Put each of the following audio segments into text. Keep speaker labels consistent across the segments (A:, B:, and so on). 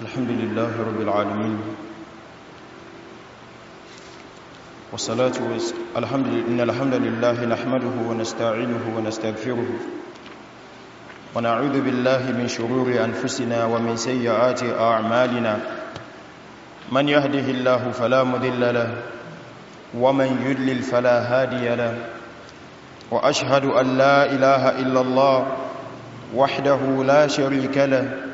A: الحمد لله رب العالمين والصلاة وز... إن الحمد لله نحمده ونستعينه ونستغفره ونعوذ بالله من شرور أنفسنا ومن سيئات أعمالنا من يهده الله فلا مذل له ومن يدلل فلا هادي له وأشهد أن لا إله إلا الله وحده لا شريك له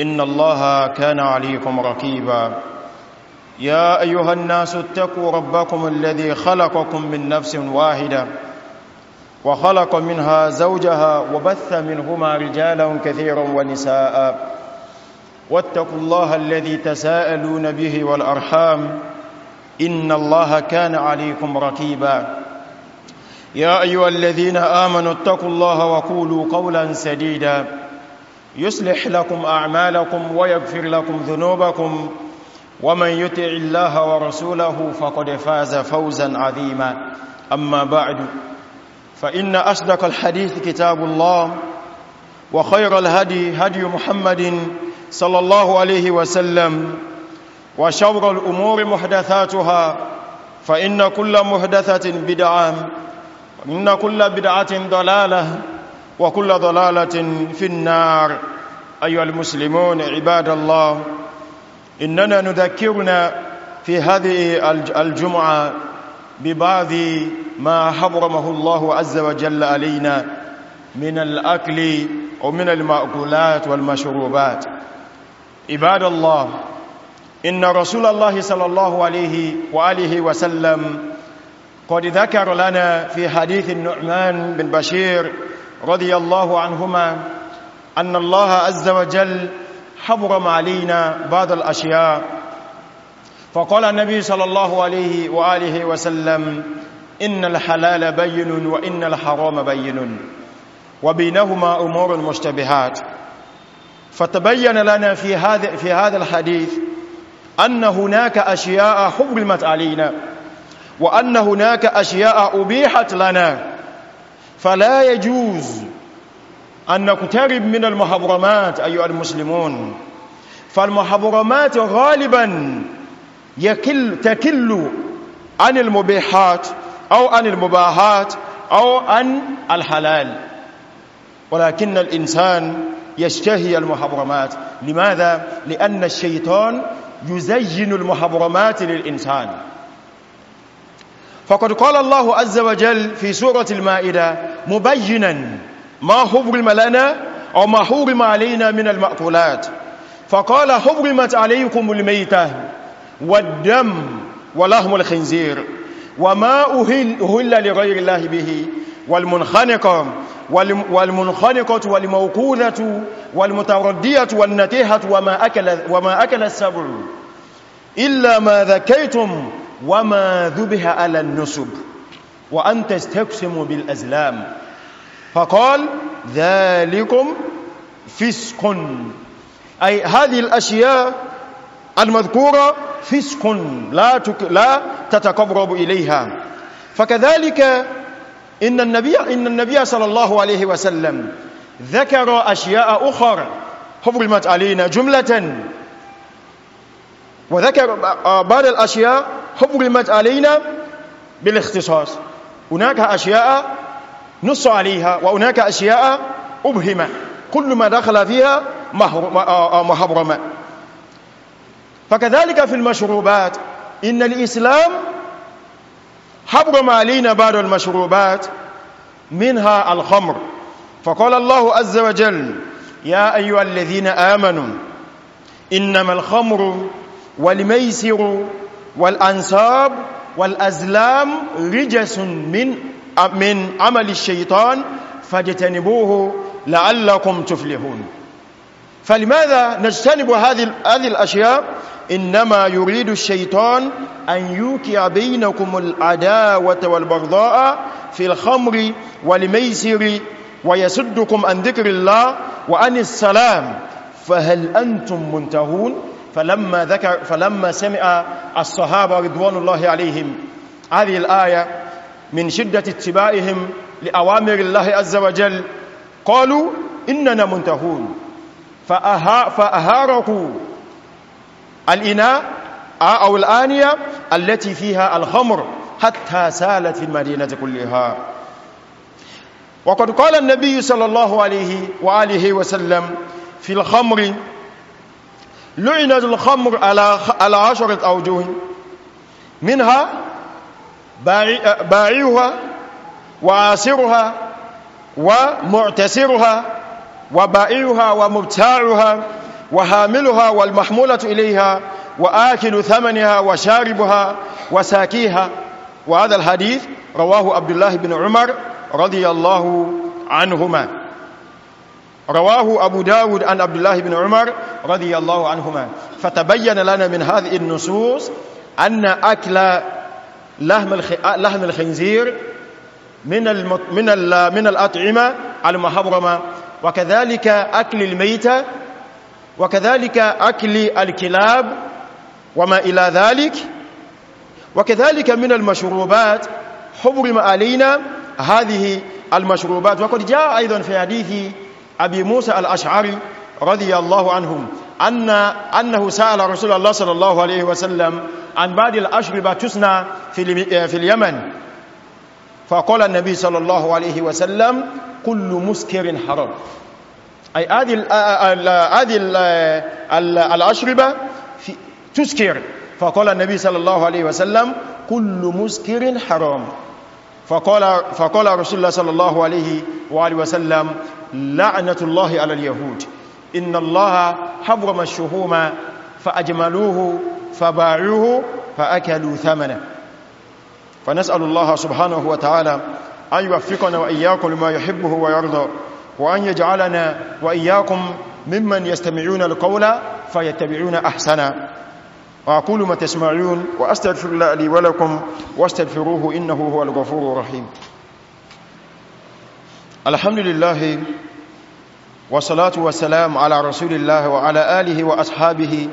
A: إن الله كان عليكم ركيبا يا أيها الناس اتقوا ربكم الذي خلقكم من نفس واحدة وخلق منها زوجها وبث منهما رجالا كثيرا ونساء واتقوا الله الذي تساءلون به والأرحام إن الله كان عليكم ركيبا يا أيها الذين آمنوا اتقوا الله وقولوا قولا سديدا يصلح لكم أعمالكم ويغفر لكم ذنوبكم ومن يطع الله ورسوله فقد فاز فوزا عظيما أما بعد فإن أصدق الحديث كتاب الله وخير الهدي هدي محمد صلى الله عليه وسلم وشور الأمور محدثاتها فإن كل محدثة بدعة وإن كل بدعة ضلالة وكل ضلالة في النار أيها المسلمون عباد الله إننا نذكرنا في هذه الجمعة ببعض ما حرمه الله عز وجل علينا من الأكل ومن المأكولات والمشروبات عباد الله إن رسول الله صلى الله عليه وآله وسلم قد ذكر لنا في حديث النعمان بن بشير رضي الله عنهما أن الله عز وجل حرم علينا بعض الأشياء فقال النبي صلى الله عليه وآله وسلم إن الحلال بين وإن الحرام بين وبينهما أمور مشتبهات فتبين لنا في هذا في هذا الحديث أن هناك أشياء حرمت علينا وأن هناك أشياء أبيحت لنا فلا يجوز أن نقترب من المحرمات أيها المسلمون فالمحرمات غالبا يكل تكل عن المبيحات أو عن المباحات أو عن الحلال ولكن الإنسان يشتهي المحرمات لماذا؟ لأن الشيطان يزين المحرمات للإنسان فقد قال الله عز وجل في سورة المائدة مبينا ما حرم لنا أو ما حرم علينا من المأكولات فقال حرمت عليكم الميتة والدم ولهم الخنزير وما أهل, أهل لغير الله به والمنخنقة والمنخنقة والموقوذة والمتردية والنتيهة وما أكل, وما أكل السبر إلا ما ذكيتم وما ذبح على النسب وأن تستقسموا بالأزلام فقال ذلكم فسق أي هذه الأشياء المذكورة فسق لا, تك... لا تتقرب إليها فكذلك إن النبي, إن النبي صلى الله عليه وسلم ذكر أشياء أخرى حرمت علينا جملة وذكر آه، بعض الأشياء حبرمت علينا بالاختصاص هناك أشياء نص عليها وهناك أشياء أبهمة كل ما دخل فيها آه، آه، محرمة فكذلك في المشروبات إن الإسلام حبرم علينا بعض المشروبات منها الخمر فقال الله عز وجل يا أيها الذين آمنوا إنما الخمر والميسر والأنساب والأزلام رجس من من عمل الشيطان فاجتنبوه لعلكم تفلحون فلماذا نجتنب هذه هذه الأشياء إنما يريد الشيطان أن يوقع بينكم العداوة والبغضاء في الخمر والميسر ويسدكم عن ذكر الله وعن السلام فهل أنتم منتهون؟ فلما, ذكر فلما سمع الصحابة رضوان الله عليهم هذه الآية من شدة اتباعهم لأوامر الله عز وجل قالوا إننا منتهون فأها فأهارقوا الإناء أو الآنية التي فيها الخمر حتى سالت في المدينة كلها وقد قال النبي صلى الله عليه وآله وسلم في الخمر لعنة الخمر على على عشرة أوجه منها باعيها وعاسرها ومعتسرها وبائعها ومبتاعها وحاملها والمحمولة إليها وآكل ثمنها وشاربها وساكيها وهذا الحديث رواه عبد الله بن عمر رضي الله عنهما رواه أبو داود عن عبد الله بن عمر رضي الله عنهما فتبين لنا من هذه النصوص أن أكل لحم الخنزير من من من الأطعمة المحرمة وكذلك أكل الميتة وكذلك أكل الكلاب وما إلى ذلك وكذلك من المشروبات ما علينا هذه المشروبات وقد جاء أيضا في حديث أبي موسى الأشعري رضي الله عنهم أن أنه سأل رسول الله صلى الله عليه وسلم عن بعض الأشربة تسنى في, آه، في اليمن فقال النبي صلى الله عليه وسلم كل مسكر حرام أي هذه آه، آه، هذه الأشربة تسكر فقال النبي صلى الله عليه وسلم كل مسكر حرام فقال, فقال رسول الله صلى الله عليه وآله وسلم لعنة الله على اليهود إن الله حبرم الشهوم فأجملوه فباعوه فأكلوا ثمنه فنسأل الله سبحانه وتعالى أن يوفقنا وإياكم لما يحبه ويرضى وأن يجعلنا وإياكم ممن يستمعون القول فيتبعون أحسنا أقول ما تسمعون وأستغفر الله لي ولكم واستغفروه إنه هو الغفور الرحيم الحمد لله والصلاة والسلام على رسول الله وعلى آله وأصحابه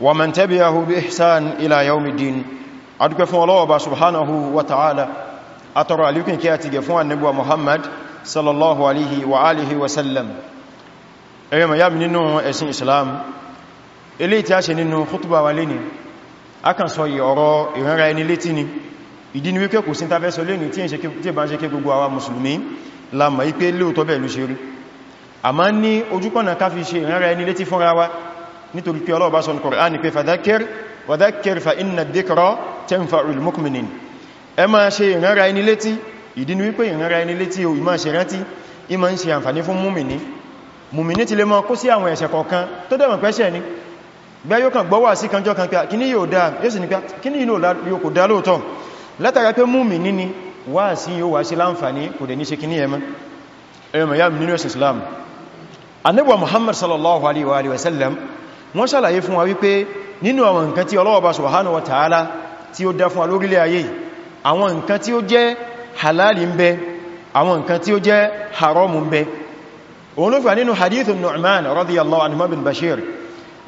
A: ومن تبعه بإحسان إلى يوم الدين أدوك فون الله سبحانه وتعالى أترى لكم كي أتجفون النبوة محمد صلى الله عليه وآله وسلم أيما يا منين إسلام ilé tí a ṣe nínú khutba wa lé ní a kàn sọ ọ̀rọ̀ ìrànra ẹni létí ni ìdí ni wípé kò sí tafẹ́ sọ lé ní tí ìbá ṣe ké gbogbo àwa mùsùlùmí la mọ̀ ipé lóòtọ́ bẹ̀ ló ṣe rí a máa ní ojúpọ̀nà ká fi ṣe ìrànra ẹni létí fúnra wa nítorí pé Ọlọ́run fa inna dhikra tanfa'ul mu'minin ẹ máa ṣe ìrànra ni wípé ìrànra ẹni létí o ìmá ṣe rántí ìmá ń ṣe àǹfàní fún múmìní múmìní ti lè bí yóò kàn gbọ́wà sí kanjọ́ kan pé ah, kíní yóò dáa yóò sì ní pé ah, kíní yóò kò dáa lóòtọ́ látara pé múmi níní wà sí yóò wà sí láǹfàní kò dẹ̀ ní ṣe kíní ẹmọ́ ẹ̀rọmọ̀ yá nínú ẹ̀sìn Islam anábọ̀ Muhammad sallallahu alaihi wa sallam wọ́n ṣàlàyé fún wa wípé nínú àwọn nǹkan tí Ọlọ́hun subhanahu wa ta'ala tí ó dá fún wa lórílẹ̀ ayé àwọn nǹkan tí ó jẹ́ halali ń bẹ àwọn nǹkan tí ó jẹ́ haramu ń bẹ òun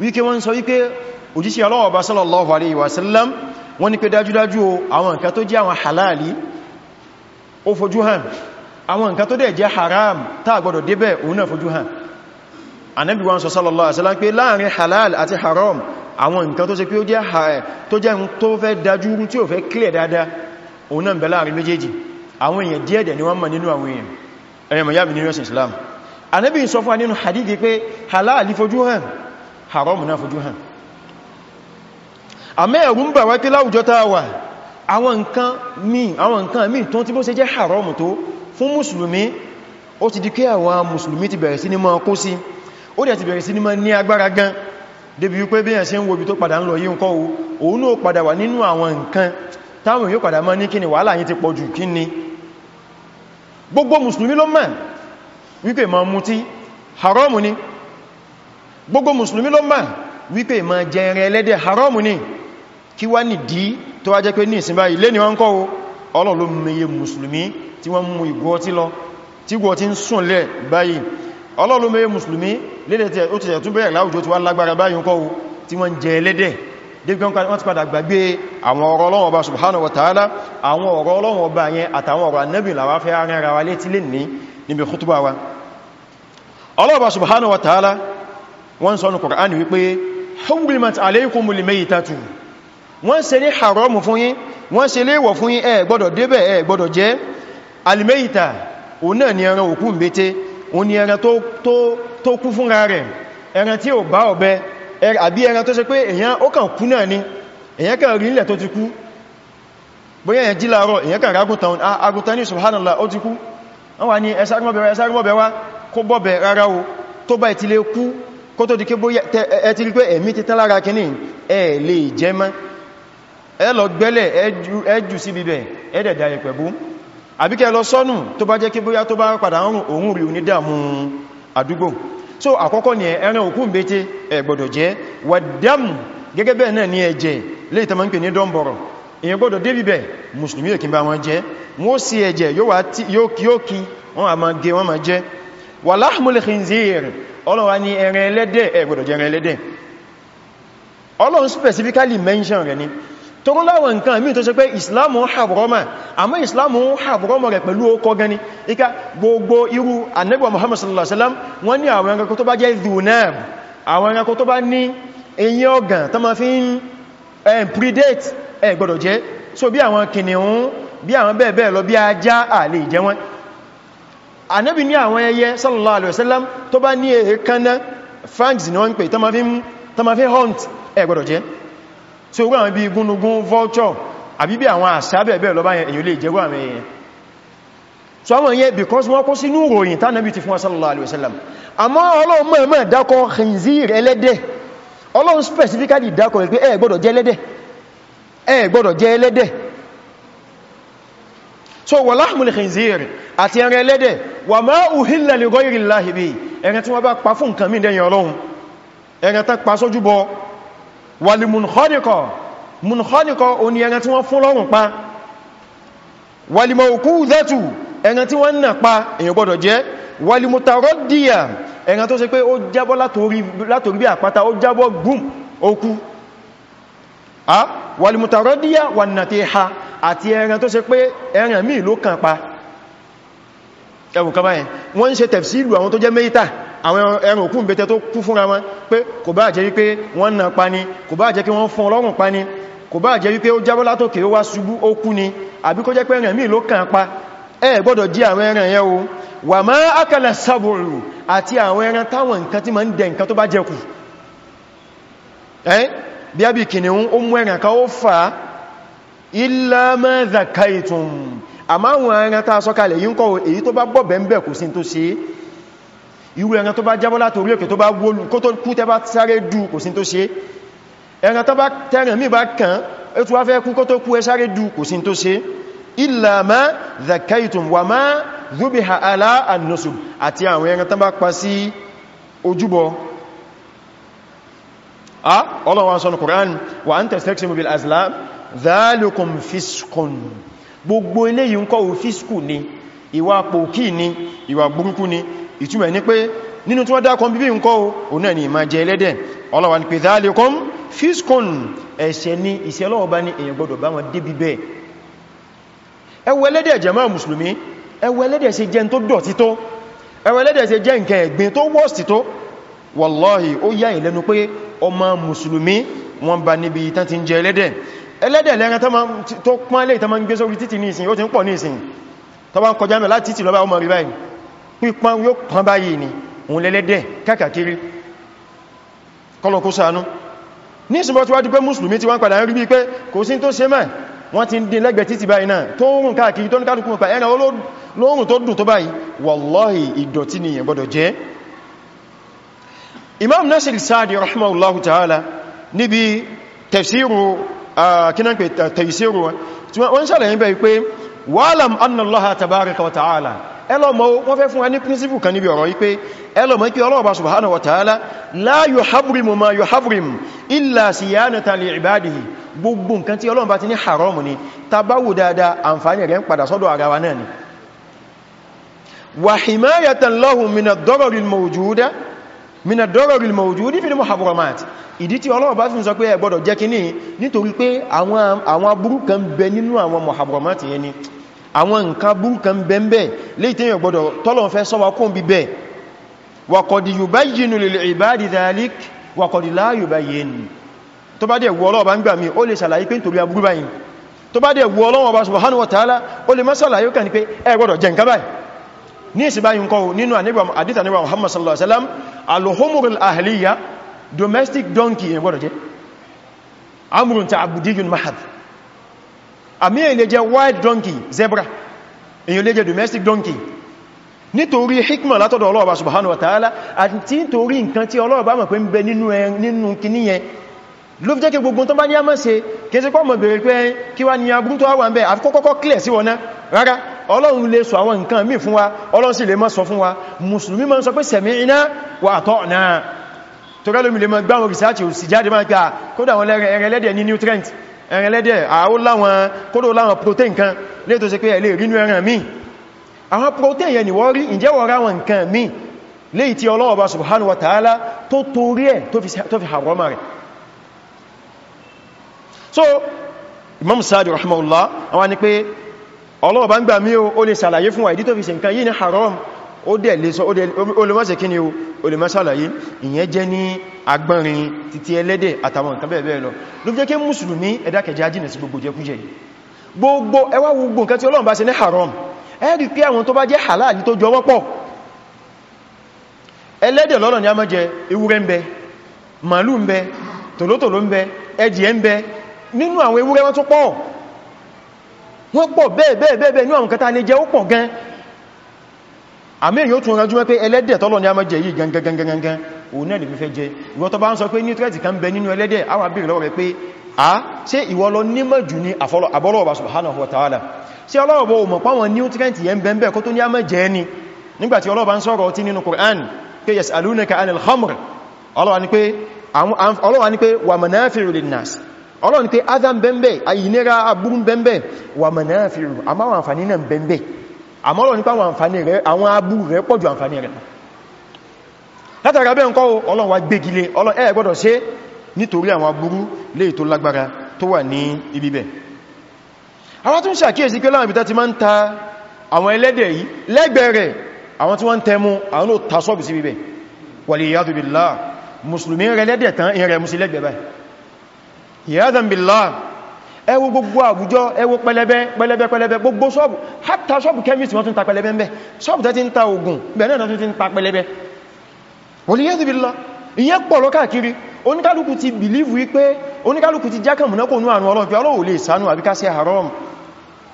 A: wíké wọ́n sọ wípé òjíṣẹ́ Ọlọ́hun Ọba sallallahu alaihi wasallam wọ́n ní pé dájúdájú àwọn nǹkan tó jẹ́ àwọn halali ó fojú hàn àwọn nǹkan tó dẹ̀ jẹ́ haram táà gbọdọ̀ débẹ̀ òun náà fojú hàn Ànábì wọ́n sọ sallallahu alaihi wasallam pé láàrin haram àwọn nǹkan tó ṣe pé ó jẹ́ tó jẹ́ tó fẹ́ dájú rú tí ni wọ́n mọ̀ nínú àwọn èèyàn Islam Ànábì sọ fún wa nínú hadithi pé halal fojú hàn haram náà fojú hàn àmẹ́ ẹ̀rù ń bà wá pé láwùjọ tá wà àwọn nǹkan míì àwọn nǹkan míì tó tí bó ṣe jẹ́ haram tó fún mùsùlùmí ó ti di kí àwọn mùsùlùmí ti bẹ̀rẹ̀ sí ní máa kó sí ó dẹ̀ ti bẹ̀rẹ̀ sí ní máa ní agbára gan débi wípé bí ẹ̀ṣẹ́ ń wo ibi tó padà ń lọ yí nǹkan òun náà padà wà nínú àwọn nǹkan táwọn yóò padà máa ní kíni wàhálà yìí ti pọ̀ jù kíni gbogbo mùsùlùmí ló mọ̀ wípé máa mutí haramu ni gbogbo musulmi ló máa wípé ma jẹrẹ ẹlẹ́dẹ̀ haramu ni kí wá ní dí tó wá jẹ́ pé ní ìsinmi ilé ni wọ́n kọ́ o Ọlọ́run ló meye musulmi tí wọ́n mú ìgò ọtí lọ tí ìgò ọtí ń sùn lẹ̀ báyìí Ọlọ́run ló meye musulmi lédẹ̀ tí ó ti tẹ̀ tún bẹ̀rẹ̀ láwùjọ tí wọ́n lágbára báyìí kọ́ o tí wọ́n jẹ ẹlẹ́dẹ̀ wọ́n ti padà gbàgbé àwọn ọ̀rọ̀ wọ́n sọ ní Kùránì wípé hubbimat alaykumul maytatu wọ́n ṣe ní haramu fún yín wọ́n ṣe léèwọ̀ fún yín ẹ gbọ́dọ̀ débẹ̀ ẹ gbọ́dọ̀ jẹ́ al-mayta o náà ni ẹran òkú mbété o ni ẹran tó kú fúnra rẹ̀ ẹran tí ò bá ọ̀bẹ àbí ẹran tó ṣe pé èyàn ó kàn kú náà ni èyàn kàn rí nílẹ̀ tó kó tó di kí bó ẹ ti rí pé ẹ̀mí ti tán lára kìíní ẹ lè jẹ mọ́ ẹ lọ gbẹ́lẹ̀ ẹ jù sí bíbẹ̀ ẹ dẹ̀dà ẹ̀ pẹ̀bú àbíkẹ́ lọ sọ́nù tó bá jẹ́ kí bóyá tó bá padà ọrùn rí ní àdúgbò so àkọ́kọ́ ni ẹran òkú mbété ẹ gbọ́dọ̀ jẹ wàdám gẹ́gẹ́ bẹ́ẹ̀ náà ní ẹ̀jẹ̀ lè tàmà ń pè ní dọ́mbọ̀rọ̀ èyàn gbọ́dọ̀ dé bíbẹ̀ mùsùlùmí èkì bá wọn jẹ wọ́n sí ẹ̀jẹ̀ yóò kí wọ́n a máa wọ́n máa jẹ wà ọlọ́run wá ní ẹran ẹlẹ́dẹ̀ ẹ gbọ́dọ̀ jẹ ẹlẹ́dẹ̀ ọlọ́run specifically mention rẹ̀ ni tó ń láwọn nǹkan mí tó ṣe pé islamu habroma àmọ́ islamu habroma rẹ̀ pẹ̀lú ọkọ̀ gani ika gbogbo irú anẹ́gbà muhammad sallallahu alaihi wasallam wọ́n ní àwọn ẹranko tó bá jẹ́ zunab àwọn ẹranko tó bá ní eyín ọ̀gàn tó eh, so bí àwọn kìnnìún bí àwọn bẹ́ẹ̀ bẹ́ẹ̀ lọ bí ànábì ní àwọn ẹyẹ sallallahu alaihi wasallam tó bá ní èékánná fangs ni wọ́n ń pè tó ma fi hunt ẹ gbọ́dọ̀ jẹ tí ó gbọ́nà bí gúnnugún vulture àbí bí àwọn àṣàbẹ̀ bẹ́ẹ̀ lọ bá yẹn èyàn lè jẹ gbọ́nà yẹn so àwọn yẹn because wọ́n kó sínú ìròyìn tánàbí ti fún wa sallallahu alaihi wasallam àmọ́ ọlọ́run mọ̀ mọ̀ dákọ̀ khinzir specifically dákọ̀ ẹ̀ pé ẹ gbọ́dọ̀ jẹ ẹlẹ́dẹ̀ ẹ so wà láhùmùlì khinziri àti ẹran ẹlẹ́dẹ̀ wà máa uhilla li ghayri Allahi bihi ẹran tí wọ́n bá pa fún nǹkan mí dẹ̀yìn ọlọ́run ẹran tán pa sójúbọ wà pa wà lè mawqudhatu ẹran tí wọ́n nà pa èyàn gbọ́dọ̀ jẹ́ wà lè mutaraddiya ẹran tó ṣe pé ó jábọ́ látorí bí àpáta ó jábọ́ gbùm ó àti ẹran tó ṣe pé ẹran míì ló kàn pa ẹwù kan báyẹn wọ́n ń ṣe tẹ̀fsílù àwọn tó jẹ́ mẹ́ta àwọn ẹran òkú ìbẹ̀tẹ̀ tó kú fúnra wọn pé kò bá jẹ́ wípé wọ́n nà pa ni kò bá jẹ́ kí wọ́n fún ọlọ́run pa ni kò bá jẹ́ wípé ó jábọ́ látòkè ó wá ṣubú ó kú ni àbí kó jẹ́ pé ẹran míì ló kàn pa ẹ gbọ́dọ̀ jí àwọn ẹran yẹn o wà má ákàlà sábòrò àti àwọn ẹran táwọn nǹkan tí ma ń dẹ nǹkan tó bá jẹ kù ẹ́ bí á ó mú ẹran kan ó fàá illa ma zakaitum àmá àwọn ẹran tàà sọ́kalẹ̀ yí ń kọ́ èyí tó bá gbọ́bẹ̀ ń bẹ̀ kò sí tó ṣe irú ẹran tó bá jábọ́ láti orí òkè tó bá wólù kó tó kú tẹ́ bá sáré dù kò sí tó ṣe ẹran tó bá tẹ́ràn mí bá kàn wa ma an-nusub Qur'an wa an tastaqsimu bil azlam dhalikum fiskun gbogbo eléyìí ń kọ́ o fiskun ni ìwà pòkí ni ìwà burúkú ni ìtumọ̀ ní pé nínú tí wọ́n dákọ̀ bíbí ń kọ́ o náà ni ìmá jẹ ẹlẹ́dẹ̀ ọlọ́wà ní pé dhalikum fiskun ẹ̀ṣẹ̀ ni ìṣẹ́ ọlọ́wọ́ bá ní èyàn gbọ́dọ̀ bá wọn débi bẹ́ẹ̀ ẹwọ ẹlẹ́dẹ̀ jàmáà mùsùlùmí ẹwọ ẹlẹ́dẹ̀ ṣe jẹ́ tó dọ̀tí tó ẹwọ ẹlẹ́dẹ̀ ṣe ẹlẹ́dẹ̀ lẹ́ran tó pán lè tó ma ń gbé sórí títì ní ìsìn ó ti ń pọ̀ ní ìsìn tó bá ń kọjá mẹ́ láti títì lọ́bá ọmọ rí báyìí pípán yóò pán báyìí ni òun lẹ́lẹ́dẹ̀ káàkiri kọlọ̀kú sànú ní ìsìn bọ́tí wájú pé mùsùlùmí ti wá ń padà rí bí pé kò sí tó ṣe mẹ́ wọ́n ti ń dín lẹ́gbẹ̀ẹ́ títì báyìí náà tó rùn káàkiri tó ní kálùkù mọ̀pá ẹ̀nà olóòrùn tó dùn tó báyìí wallahi ìdọ̀tí ni ìyẹn gbọ́dọ̀ jẹ́ Imam Nasir Sa'di rahimahullahu ta'ala níbi tafsiru Ah, kínan pé tẹ̀yìsírò wọn tí wọ́n ṣàlàyé bẹ̀ pé wa'lam anna Allaha tabaraka wa ta'ala ẹlọ́mọ́ wọ́n fẹ́ fún ẹni príncipù kan níbi ọ̀rọ̀ wípé ẹlọ́mọ́ kí Ọlọ́run subhanahu wa ta'ala la yuhabrimu ma yuhabrim illa siyanatan li ibadihi gbogbo nǹkan tí Ọlọ́run ti ní haram ni tabawo dáadáa min ad-darar al-mawjud fi al-muharramat ìdí tí Ọlọ́run bá fi sọ pé ẹ gbọ́dọ̀ jẹ kíní nítorí pé àwọn àwọn bẹ nínú àwọn muharramat yẹn ni àwọn nǹkan aburú kan bẹ ńbẹ̀ lèyí tẹ́yàn gbọ́dọ̀ t'Ọlọ́run fẹ́ sọ wá kún bí bẹ́ẹ̀ wa qad yubayyinu lil-ibadi dhalik wa la yubayyin tó bá dẹ̀ wù Ọlọ́run bá ń gbà mí ó lè ṣàlàyé pé nítorí aburú báyìí tó bá dẹ̀ wù ní ìsìnbá yìí kọ́ nínú àdíta níwà Muhammad sallallahu alaihi wasallam alhumurul ahliya domestic donkey yẹn gbọ́dọ̀ jẹ́ amurun ta abudiyun mahad àmì èyí lè jẹ́ wild donkey zebra èyí lè jẹ́ domestic donkey nítorí hikma látọ̀dọ̀ ọlọ́ọ̀bá subhanahu wa ta'ala àti nítorí nǹkan tí ọlọ́ọ̀bá mọ̀ pé ń bẹ nínú kìní yẹn ló fi jẹ́ gbogbo tó bá ní a mọ́ ṣe kí ẹ sí pọ́ wá ní agbúntọ́ àwọn àbẹ́ àfikọ́kọ́kọ́ clear sí wọn rárá ọlọ́run lè sọ àwọn nǹkan míì fún wa ọlọ́run sì lè má sọ fún wa mùsùlùmí máa ń sọ pé sami'na wa ata'na torílómi lè mọ́ gbáwọn research ò sì jáde máa gbà kódà àwọn ẹrẹlẹ́dẹ̀ ní nutrient ẹrẹlẹ́dẹ̀ àwọn láwọn kódò láwọn protein kan lè tó ṣe pé ẹ̀lẹ́ rínú ẹran míì àwọn protein yẹn ni wọ́n rí ìjẹ́ wọ́n ra wọn nǹkan míì léyìí tí ọlọ́ọ̀bá subhanahu wa ta'ala tó torí ẹ̀ imam sadi rahimahullah àwọn ni pé Ọlọ́run bá ń gbà mí o ó lè ṣàlàyé fún wa ìdí tó fi ṣe nǹkan yìí ní haram ó dẹ̀ lè sọ ó lè má ṣe kí ni o ó lè má ṣàlàyé ìyẹn jẹ́ ní agbọ́nrin títí ẹlẹ́dẹ̀ àtàwọn nǹkan bẹ́ẹ̀ bẹ́ẹ̀ lọ ló fi jẹ́ kí mùsùlùmí ẹ̀dákẹjẹ ajínà sí gbogbo jẹkújẹ yìí gbogbo ẹwà gbogbo nǹkan tí Ọlọ́run bá ṣe ní haram ẹ rí pé àwọn tó bá jẹ́ halal tó jọ wọ́n pọ̀ ẹlẹ́dẹ̀ lọ́nà ni a máa jẹ ewúrẹ́ ń bẹ màálù ń bẹ tòlótòló ń bẹ ẹdìẹ ń bẹ nínú àwọn ewúrẹ́ tó pọ̀ wọ́n pọ̀ bẹ́ẹ̀bẹ́ẹ̀bẹ́ẹ̀ ní àwọn kẹta ní jẹ́ ó pọ̀ gan àmì èyí ó tún ránjú wọ́n pé ẹlẹ́dẹ̀ tọ́lọ ní a mọ́jẹ̀ yìí gangangangan òun náà lè fífẹ́ jẹ ìwọ tó bá ń sọ pé nutrient kan bẹ nínú ẹlẹ́dẹ̀ àwọn abìrì lọ́wọ́ rẹ̀ pé a ṣe ìwọ lọ nímọ̀ jù ní àbọ́lọ́wọ́ subhanahu wa ta'ala ṣe ọlọ́wọ́ ò mọ̀ páwọn nutrient yẹn bẹ́ ń bẹ́ kó tó ní a mọ́jẹ̀ ni nígbàtí ọlọ́wọ́ bá ń sọ̀rọ̀ ọtí nínú Qur'an pé yas'alunaka anil khamr ọlọ́wọ́ ni pé wa manafi'u linnas ọlọ́run pé adam bẹ́m̀bẹ̀ àyìnira aburú bẹ́m̀bẹ̀ wà mọ̀ náà fi rù àmá àwọn àǹfàní náà bẹ́m̀bẹ̀ àmọ́ ọlọ́run pé àwọn àǹfàní rẹ̀ àwọn aburú rẹ̀ pọ̀jù àǹfàní rẹ̀ látara bẹ́ẹ̀ ńkọ́ ọlọ́run wá gbégilé ọlọ́run ẹ gbọ́dọ̀ ṣe nítorí àwọn aburú léè tó lágbára tó wà ní ibi bẹ̀ àwọn tún ṣàkíyèsí pé láwọn ibi tí yadan billah ẹ wo gbogbo àwùjọ ẹ wo pẹlẹbẹ pẹlẹbẹ pẹlẹbẹ gbogbo ṣọ́ọ̀bù hátà ṣọ́ọ̀bù chemist wọ́n tún ta pẹlẹbẹ ń bẹ ṣọ́ọ̀bù tẹ́ ti ń ta ogun. bẹ̀rẹ̀ náà tún ti ń ta pẹlẹbẹ wòlíyẹ́dì bí lọ ìyẹn pọ̀ lọ káàkiri oníkálùkù ti bìlífù wípé oníkálùkù ti jákàmùnákò ní àrùn ọlọ́run pé ọlọ́wò lè sánú àbíká sí haram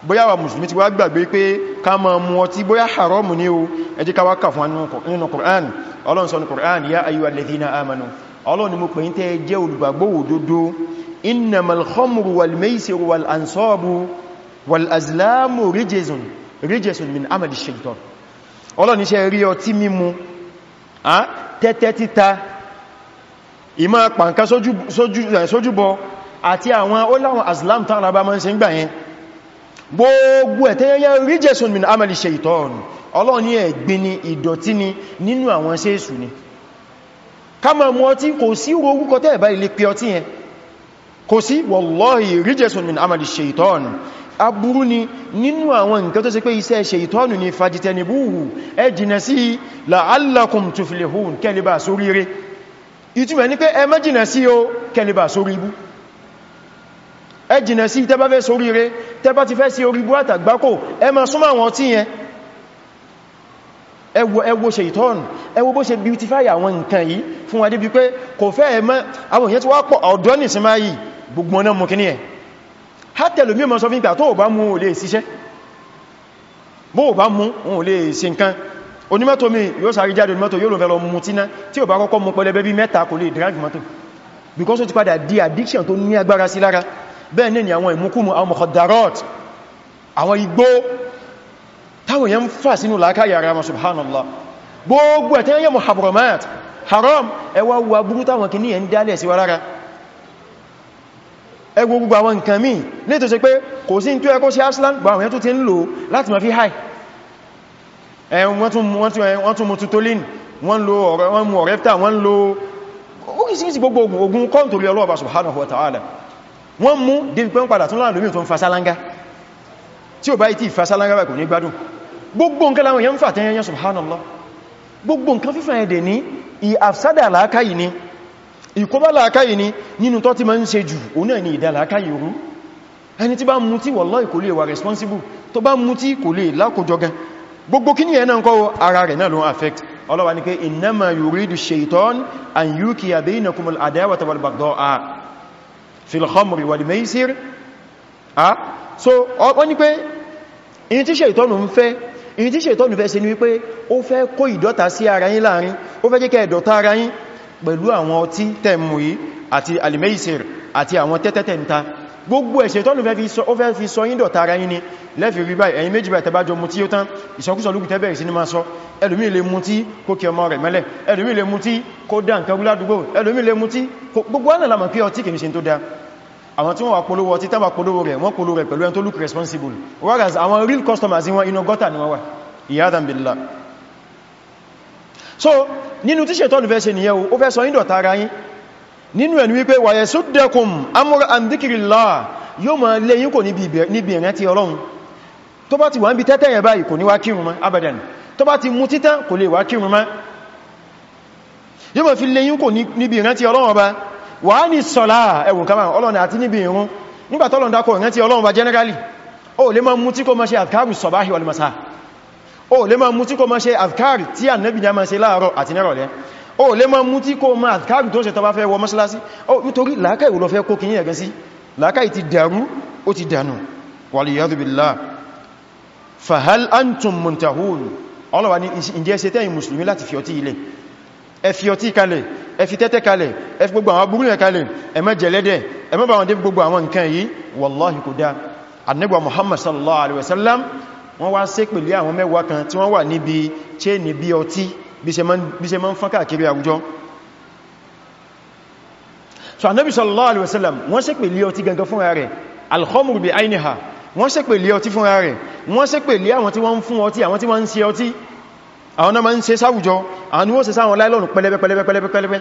A: bóyá wà mùsùlùmí ti wá gbàgbé pé ká má haram ní o ẹ jẹ́ ká wá Qur'an ọlọ́run sọ Qur'an ya ayyuhalladhina amanu ọlọ́run ni mo pè ń tẹ́ jẹ́ olùgbàgbọ́ òdodo إنما الخمر والميسر والأنصاب والأزلام رجز رجز من عمل الشيطان ọlọ́ ní ṣe rí ọtí mímu tẹ́tẹ́ títa ìmá pàǹká sójúbọ àti àwọn ó láwọn azlam tán rábá mọ́ sí ń gbà yẹn gbogbo ẹ̀ tẹ́yẹyẹ ríjẹsùn min amali shaitan ọlọ́ ní ẹ̀gbin ni ìdọ̀tí ni nínú àwọn ṣe èsù ni ká ma mú ọtí kò sí orú orúkọ tẹ́ẹ̀bá ilé pí ọtí yẹn kò sí wallahi rijesun min amali shaitan aburú ni nínú àwọn nǹkan tó ṣe pé iṣẹ́ shaitan ni fajitanibuhu ẹ jìnà sí la'allakum tuflihun kẹlìbà sórí rẹ̀ ìtumẹ̀ ní pé ẹ má jìnà sí o kẹlìbà sórí ibú ẹ jìnà sí tẹ́bá fẹ́ sórí rẹ̀ tẹ́bá ti fẹ́ sí orí ibú àtàgbákò ẹ má súnmọ́ àwọn tí yẹn ẹ wo ẹ wo bó ṣe beautify àwọn nǹkan yìí fún wa débi pé kò fẹ́ ẹ̀mọ́ àwọn èèyàn tí wá pọ̀ ọ̀dọ́ nìsinmáyìí gbogbo ọ̀nà mú kíní ẹ̀ hátẹ̀lù mímọ̀ sọ fígbà tó bá mú olè síṣẹ́ bó bá mú òun olè sí nǹkan onímọ́tò mi yóò sáré jáde onímọ́tò yóò lòfẹ́ lọ mú tíná tí ò bá kọ́kọ́ mú pẹlẹbẹ bí mẹ́ta kò lè drag mọ́tò because ó ti padà di addiction tó ní agbára sí lára bẹ́ẹ̀ náà ni àwọn ìmúkúmù àwọn mọ̀kọ̀dárọ́t àwọn igbó táwọn yẹn ń fà sínú làákàyà ara wọn subhanallah gbogbo ẹ̀tẹ́ yẹn mọ̀ haram haram ẹwà wà burú táwọn kìíní yẹn dálẹ̀ sí wa lára ẹgbò gbogbo àwọn nǹkan míì ní tó ṣe pé kò sí tó ẹkọ́ sí aslan gbà àwọn ẹ̀tún ti ń lò láti ma fi high wọ́n tún mú tutolin wọ́n lo wọ́n mú ọ̀rẹ́pta wọ́n lo oríṣiríṣi gbogbo ogun kọ́ nítorí ọlọ́ọ̀bá subhanahu wa ta'ala wọ́n mú david pẹ́ ń padà tún láàrín tó ń fasalanga tí ó bá ìtì fasalanga bá kò ní gbádùn gbogbo nǹkan láwọn èèyàn ń fà tẹ́yẹn subhanallah gbogbo nǹkan fífà ìkóbá làákàyè ni nínú tó ti ma ń ṣe jù òun náà ni ìdá làákàyè orú ẹni tí bá mú tí wallahi kò lè wà responsible tó bá mú tí kò lè lákòjọ gan gbogbo kí ní ẹ̀ náà ara rẹ̀ náà ló ń affect ọlọ́wà ní pé innama yuridu shaytan an yuqiya bainakum al-adawata wal-baghdha'a fil khamri wal-maysir so wọ́n ní pé in tí ṣètọ́nù ń fẹ́ in tí ṣètọ́nù fẹ́ ṣe ní wípé ó fẹ́ pẹ̀lú àwọn ọtí tẹ̀mù yìí àti alimeisir àti àwọn tẹ́tẹ́tẹ́ta gbogbo ẹ̀ṣẹ̀ tọ́lù fẹ́ fi sọ yíndọ̀ tara yín ni lẹ́fì rí báyìí ẹ̀yin méjì báyìí tẹbájọ mú tí ó tán ìṣọ́kúsọ lókù tẹ́bẹ̀rẹ̀ sí ní máa sọ ẹlòmí lè mú tí kó kí ọmọ rẹ̀ mẹ́lẹ̀ ẹlòmí lè mú tí kó dá nǹkan ládùgbò ẹlòmí lè mú tí gbogbo ọ̀nà la mọ̀ pé ọtí kìí ṣe tó dá àwọn tí wọ́n wà polówó ọtí tábà polówó rẹ̀ wọ́n polówó rẹ̀ pẹ̀lú ẹni tó look responsible whereas àwọn real customers wọn inú gọ́tà ni wọ́n wà ìyádàn billah so nínú tí ṣètọ́nù fẹ́ ṣe nìyẹn o fẹ́ sọ yín dọ̀tá ara yín nínú ẹni wípé wàyẹ̀ sódẹ́kùn amúra àndíkìrìlá yóò ma lè yín kò níbi ìrántí ọlọ́run tó bá ti wà ń bi tẹ́tẹ́ yẹn báyìí kò ní wá kírun mọ́ abadan tó bá ti mú títán kò lè wá kírun mọ́ yóò ma fi lè yín kò níbi ìrántí ọlọ́run ọba kama ọlọ́run àti o lè máa mú tí kò máa ṣe àdkárì tí ànábì ní a máa ṣe láàárọ̀ àti nírọ̀lẹ́ o lè máa mú tí kò máa àdkárì tó ń ṣe tó bá fẹ́ wọ mọ́sálásí o nítorí làákàí ìwòlò fẹ́ kó kìí ẹ̀gẹ́ sí làákàí ti dàrú ó ti dànù waliyadhu billah fahal antum muntahun ọlọ́wà ní ìjẹ́ ṣe tẹ́yìn mùsùlùmí láti fi ọtí ilẹ̀ ẹ fi ọtí kalẹ̀ ẹ fi tẹ́tẹ́ kalẹ̀ ẹ fi gbogbo àwọn burú yẹn kalẹ̀ ẹ má jẹlẹ́dẹ̀ ẹ má bá wọn dé gbogbo àwọn nǹkan yìí wallahi kò dá annabi muhammad sallallahu alaihi wasallam wọ́n wá sí pẹ̀lú àwọn mẹ́wàá kan tí wọ́n wà níbi chain bí ọtí bí ṣe mọ́n fọ́n káàkiri àwùjọ so Ànábì sallallahu alaihi wasallam wọ́n ṣe pẹ̀lú ọtí gangan fún rẹ̀ bi ainiha wọ́n ṣe pẹ̀lú ọtí fún rẹ̀ wọ́n ṣe pẹ̀lú àwọn tí wọ́n fún ọtí àwọn tí wọ́n ń ṣe ọtí àwọn náà ma ń ṣe sáwùjọ àwọn ni wọ́n ṣe sáwọn láìlọ́nù pẹlẹbẹ pẹlẹbẹ pẹlẹbẹ pẹlẹbẹ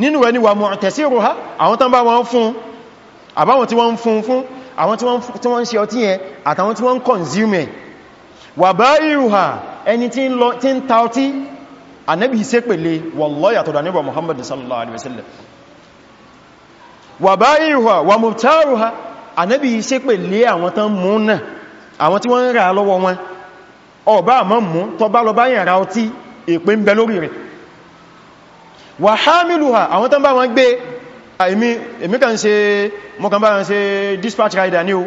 A: nínú rẹ̀ ni wà mu'tasiruha àwọn àwọn tí wọ́n ń ṣe ọtí yẹn àtàwọn tí wọ́n ń consume wà bá ìrùhà ẹni tí ń ta ọtí ànábì ṣe pèlè wallahi àtọ̀dà níbà Muhammad sallallahu alaihi wasallam wà bá ìrùhà wà mubtaruha ànábì ṣe pèlè àwọn tán mú náà àwọn tí wọ́n ń ra lọ́wọ́ wọn ọba àmọ́ mú tọ bá lọ bá yàn ra ọtí èpè ń bẹ lórí rẹ̀ wà hamiluha àwọn tán bá wọn gbé èmi èmi kàn se mo kàn bá wọn ṣe dispatch rider ní o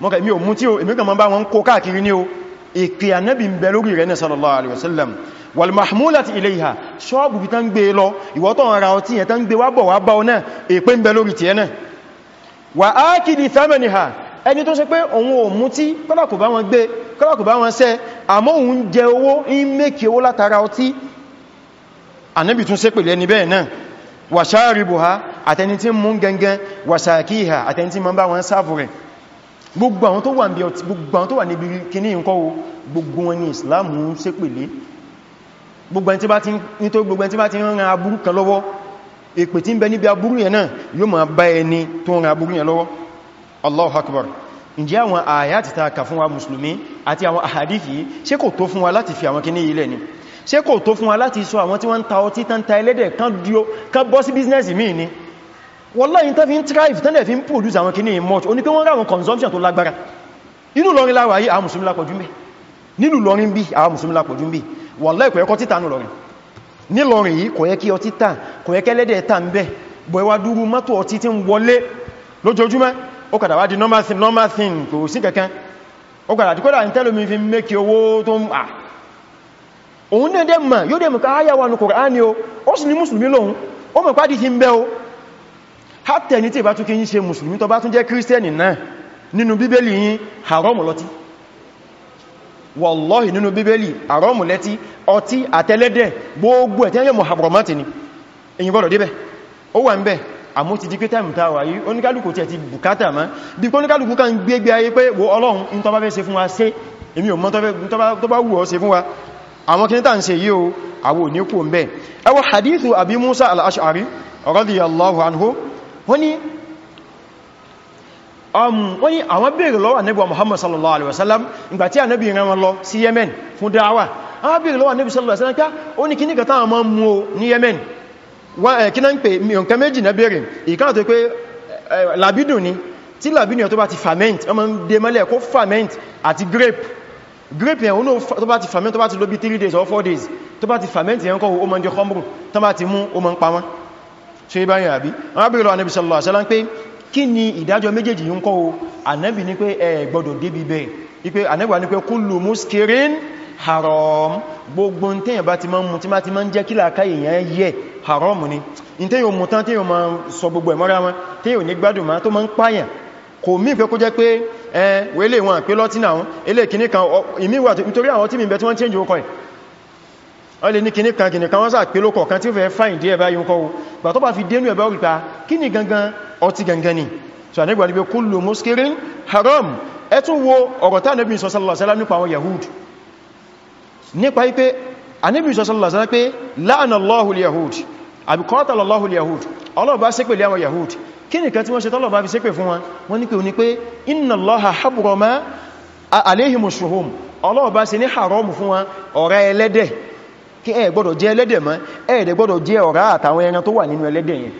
A: mo kàn mi ò mú tí o èmi kàn bá wọn kó káàkiri ní o èpè ànábì ń bẹ lórí rẹ̀ sallallahu alaihi wasallam wal mahmulati ilayha ṣọ́ọ̀bù bí tán gbé e lọ ìwọ tó ń ra ọtí wa akidi thamaniha ẹni tó ṣe pé òun ò mú tí kọ́lá kò bá wọn gbé kọ́lá kò bá wọn ṣẹ́ àmọ́ òun jẹ owó ń mẹ́kì owó látara ọtí ànábì tún ṣépè àtẹni tí mú gẹngẹn wàsàkíhà àtẹni tí ma bá wọn sáàbù rẹ̀ gbogbo àwọn tó wà níbi kíní ìkọwò gbogbo wọn ni islamu ṣe pèlé gbogbo ẹni tí bá ti ń ran aburú kan lọ́wọ́ èpè tí ń bẹ níbi aburú yẹn náà yóò máa bá ẹni tó ran aburú yẹn lọ́wọ́ allahu akbar ǹjẹ́ àwọn àyà ti ta kà fún wa musulmi àti àwọn àhàdífì ṣé kò tó fún wa láti fi àwọn kíní ilẹ̀ ni ṣé kò tó fún wa láti sọ àwọn tí wọ́n ń ta ọtí tán ta ẹlẹ́dẹ̀ kan bọ́ sí bísínẹ́sì míì ni wallahi tó fi ń thrive tẹ́lẹ̀ fi ń produce àwọn kìíní much o ní pé wọ́n ráwọn consumption tó lágbára inú lọrin lára ayé àwọn musulmi lápọ̀jú mẹ́ nínú lọrin bí àwọn musulmi lápọ̀jú mẹ́ wallahi kò yẹ kó títà nù lọrin ní lọrin yìí kò yẹ kí ọtí tà kò yẹ kẹ́lẹ́dẹ̀ tà ń bẹ́ bọ̀ ẹwà dúró normal normal thing kò sí kankan ó kàdà tí kọ́dà ń tẹ́lómi fi mẹ́kì owó tó ń à òun náà dẹ̀ mọ̀ yóò dẹ̀ o hátẹ̀ ní tí ìbá tún kí yí ṣe mùsùlùmí tó bá tún jẹ́ kírísítẹ́nì náà nínú bíbélì yí haramu lọ́tí wallahi nínú bíbélì haramu lẹ́tí ọtí àtẹlẹ́dẹ̀ gbogbo ẹ̀tẹ́lẹ̀ muhammadu ni èyí gbọ́dọ̀ débẹ̀ ó wà ń bẹ̀ àmú ti di pé tẹ́mù ta wà ti bùkátà má bí oníkálùkù kan gbégbé ayé pé wo ọlọ́run ń tọ́bá fẹ́ ṣe fún wa ṣe èmi ò mọ̀ tọ́bá wù ọ́ ṣe fún wa àwọn kí ní tàà ń hadithu abi al-ash'ari radiyallahu anhu wọ́n ni um, wọ́n ni àwọn bèèrè lọ́wọ́ ànábì Muhammad sallallahu alaihi wasallam ìgbà tí ànábì ìran wọn lọ sí Yemen fún dáwà àwọn bèèrè lọ́wọ́ ànábì sallallahu alaihi wasallam ká ó ní kíníkà táwọn mọ́ mú o ní Yemen eh, kí náà ń pè nǹkan méjì na bèèrè ìkáà tó pé eh, labidun ni tí labidun tó bá ti ferment ọmọ ń dé mọ́lẹ̀ kó ferment àti grape grape yẹn ono tó bá ti ferment tó bá ti lóbi 3 days or 4 days tó bá ti ferment yẹn kọ́ o mọ́ ń jẹ khamru tó bá ti mú o mọ́ ń pa wọ́n ṣe bá yà bí wọ́n bí lọ anábi sallallahu alaihi wasallam pé kí ni ìdájọ́ méjèèjì yìí ń kọ́ o anábi ní pé ẹ gbọ́dọ̀ débi bẹ́ẹ̀ ipé anábi wà ní pé kullu muskirin haram gbogbo ni in tẹ́yàn mú tán tẹ́yàn máa sọ gbogbo ẹ̀mọ́ra wọn tẹ́yàn ní gbádùn máa tó máa ń pààyàn kò mí ìfẹ́ kó jẹ́ pé ẹ wẹ́lẹ̀ wọn pé lọ́tí náà ilé kìíní kan ìmíwà nítorí àwọn tí mi bẹ̀ tí wọ́n change orúkọ ẹ̀ ọlẹ́ ní kìníkan kìníkan wọ́n sàpé lókọ̀ kan tí ó fẹ́ fáìn díẹ̀ bá yíò kọwọ́ bà tó bá fi dénú ẹ̀bá òrìpa kí ni gangan ọtí gangan ni so ànígbà ní pé kullu haram ẹtún wo ọ̀rọ̀ tá Ànábì sallallahu alaihi wasallam nípa àwọn yahud nípa wípé Ànábì sallallahu alaihi wasallam pé la'ana Allahu al-yahud Allahu al-yahud Ọlọ́run bá ṣépè lé àwọn yahud kí ni kan tí wọ́n ṣe tọ́lọ̀ ní pé Allaha harrama alayhimush-shuhum Ọlọ́run bá ṣe ní haramu fún wọn ọ̀rẹ́ ẹlẹ́dẹ̀ kí ẹ gbọ́dọ̀ jẹ ẹlẹ́dẹ̀ mọ́ ẹ̀ẹ̀dẹ̀ gbọ́dọ̀ jẹ ọ̀rá àtàwọn ẹran tó wà nínú ẹlẹ́dẹ̀ yẹn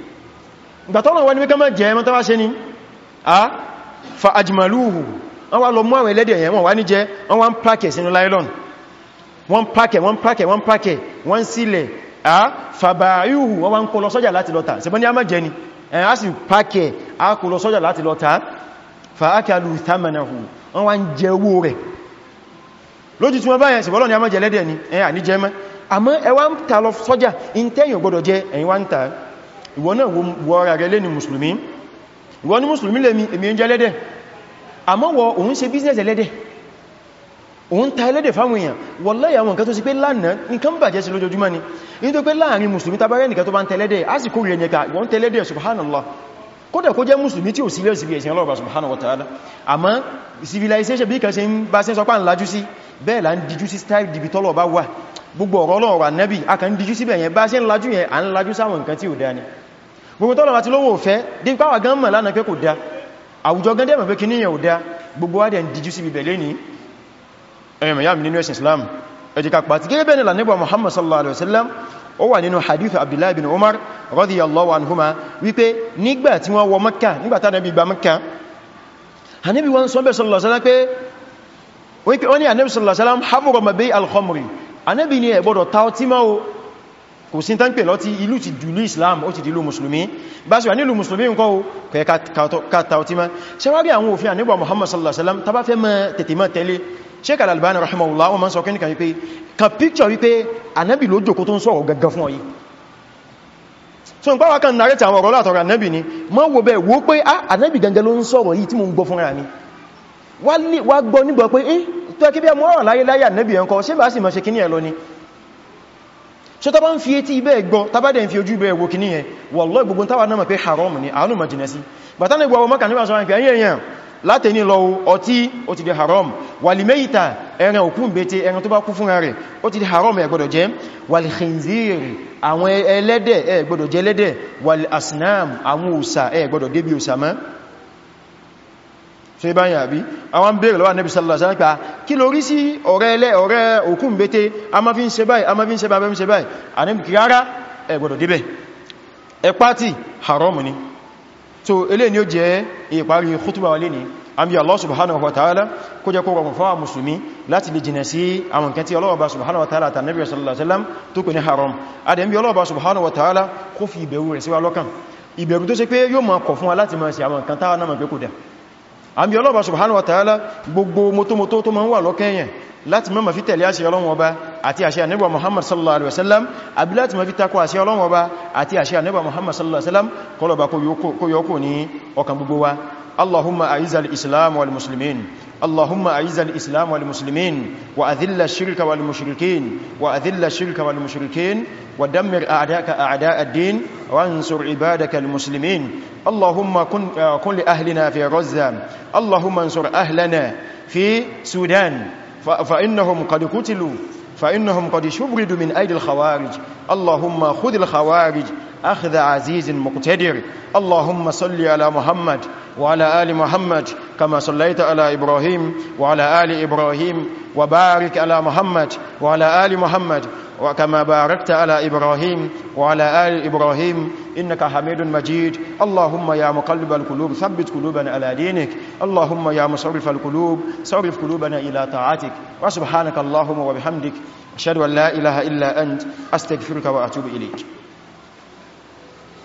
A: gbàtọ́nà wọn ni wíkẹ́ mọ́ jẹ ẹmọ́ tó wá ṣe ní a fa ajmaluhu wọ́n wá lọ mú àwọn ẹlẹ́dẹ̀ yẹn wọ́n wá ní jẹ wọ́n wá ń pàkẹ̀ sínú a fàbàáyùhù wọ́n wá ń kó lọ sọ́jà láti lọ tà ṣe bọ́n ní a má jẹ ni ẹ̀ a sì pàkẹ̀ a kó lọ sọ́jà ni a má àmọ́ ẹwà ń ta lọ sọ́jà in tẹ́yìn gbọ́dọ̀ jẹ ẹ̀yin wá ń ta ìwọ náà wọ ara rẹ lẹ́ni mùsùlùmí ìwọ ní mùsùlùmí lẹ́mi èmi ń jẹ lẹ́dẹ̀ àmọ́ wọ òun ṣe business ẹlẹ́dẹ̀ òun ta ẹlẹ́dẹ̀ fáwọn èèyàn wallahi àwọn nǹkan tó sì pé lánàá nǹkan bàjẹ́ ni nítorí pé láàrin mùsùlùmí tabarẹ́ nìkan tó bá ń subhanallah kódà kó jẹ́ mùsùlùmí tí ò sí lẹ́sì bí ẹ̀sìn ọlọ́ọ̀bà subhanahu wa ta'ala àmọ́ civilization bí bẹ́ẹ̀ la ń dijú sí style dìbì tọ́lọ̀ bá wà gbogbo ọ̀rọ̀ ọlọ́rọ̀ ànábì a kàn ń dijú síbẹ̀ yẹn bá ṣe ń lajú yẹn à ń lajú sáwọn nǹkan tí ò dá ni gbogbo tọ́lọ̀ àti lówó òfẹ́ dé pàwà gan mọ̀ lánàá pé kò dá àwùjọ gan dẹ̀mọ̀ pé Islam ẹjẹ́ kápá ti gẹ́gẹ́ bẹ́ẹ̀ lànàbà Muhammad sallallahu alaihi wasallam ó wà nínú hadith bin Umar radiyallahu anhuma wípé nígbà tí wọ́n wọ Makkah nígbà tí Ànábì gba Makkah Ànábì wọn sọ bẹ́ẹ̀ sallallahu alaihi pé wọ́n ní ànábì sallallahu alaihi wasallam hamura mabe al-khamri ànábì ní ẹ̀gbọ́dọ̀ ta ọtí mọ́ o kò sí tán pè lọ́tí ìlú ti dìlú islam ó ti dìlú musulmi bá ṣe wà nílùú musulmi ń kọ́ o kẹ́ ká ta ọtí mọ́ ṣe wá rí àwọn òfin ànábì muhammad sallallahu alaihi wasallam tá bá fẹ́ mọ́ tètè mọ́ tẹ́lé sheik al-albani rahimahullah wọ́n máa sọ kí nìkan wípé ka picture wípé ànábì ló jòkó tó ń sọ̀rọ̀ gangan fún ọyí so n pàwà kan narẹ́tì àwọn ọ̀rọ̀ látọ̀rọ̀ ànábì ni mọ́ wo bẹ́ẹ̀ wo pé ah ànábì gangan ló ń sọ̀rọ̀ yìí tí mo ń gbọ́ fúnra mi wá gbọ́ nígbọ̀ pé eh tó ẹkẹ́ bí a mọ́rọ̀ láyé láyé ànẹ́bì ẹ̀kọ́ ṣe bá sì mọ̀ ṣe kíní ẹ̀ lọ ni ṣe tọ́bá ń fi etí ibẹ̀ gbọ́ tàbádẹ̀ ń fi ojú ibẹ̀ wo kíní ẹ̀ wallahi gbogbo táwà náà pé ni àánú ma jìnà sí bàtánà ìgbà ọmọ kaníwà sọ ránpẹ̀ ayé èèyàn látẹni lọ ọtí ó ti di haram wàlìmẹ́yìta ẹran òkú bète ẹran tó bá kú fúnra rẹ̀ ó so ibá yà bí àwọn bèèrè lọ́wọ́ Ànábì sallallahu alaihi wasallam ah, kí ló rí sí ọ̀rẹ́ ẹlẹ́ ọ̀rẹ́ òkun bété a ma fi ń ṣe báyìí a ma fi ń ṣe báyìí ṣe báyìí Ànábì kí rárá ẹ gbọ́dọ̀ débẹ̀ ẹpá tí haramu ni so ilé ni ó jẹ́ ìparí khutba wa lẹ́ni àmì wa ta'ala kó jẹ́ kó rọrùn fáwọn musulmi láti lè jìnà sí wa ta'ala àti Ànábì sallallahu alaihi wasallam tó pè wa ta'ala kó fi ìbẹ̀rù rẹ̀ síwá lọ́kàn ìbẹ̀rù tó ṣe pé yóò máa kọ̀ fún wa àbí ọlọ́bà subhanahu wa ta'ala gbogbo mọ́tọ́mọ́tọ́ tó ma ń wà lọ́kẹ́yẹn láti mọ́ fi tẹ̀lé àṣẹ ọlọ́run ọba àti àṣẹ ànẹ́bà muhammad sallallahu alaihi wasallam àbí láti mọ́ fi takọ àṣẹ ọlọ́run ọba àti àṣẹ ànẹ́bà muhammad sallallahu alaihi wasallam kọlọ̀bà اللهم أعز الإسلام والمسلمين اللهم أعز الإسلام والمسلمين وأذل الشرك والمشركين وأذل الشرك والمشركين ودمر أعداءك أعداء الدين وانصر عبادك المسلمين اللهم كن, كن لأهلنا في غزة اللهم انصر أهلنا في سودان فإنهم قد قتلوا فإنهم قد شبردوا من أيدي الخوارج اللهم خذ الخوارج أخذ عزيز مقتدر اللهم صل على محمد وعلى آل محمد كما صليت على إبراهيم وعلى آل إبراهيم وبارك على محمد وعلى آل محمد وكما باركت على إبراهيم وعلى آل إبراهيم إنك حميد مجيد اللهم يا مقلب القلوب ثبت قلوبنا على دينك اللهم يا مصرف القلوب صرف قلوبنا إلى طاعتك وسبحانك اللهم وبحمدك أشهد أن لا إله إلا أنت أستغفرك وأتوب إليك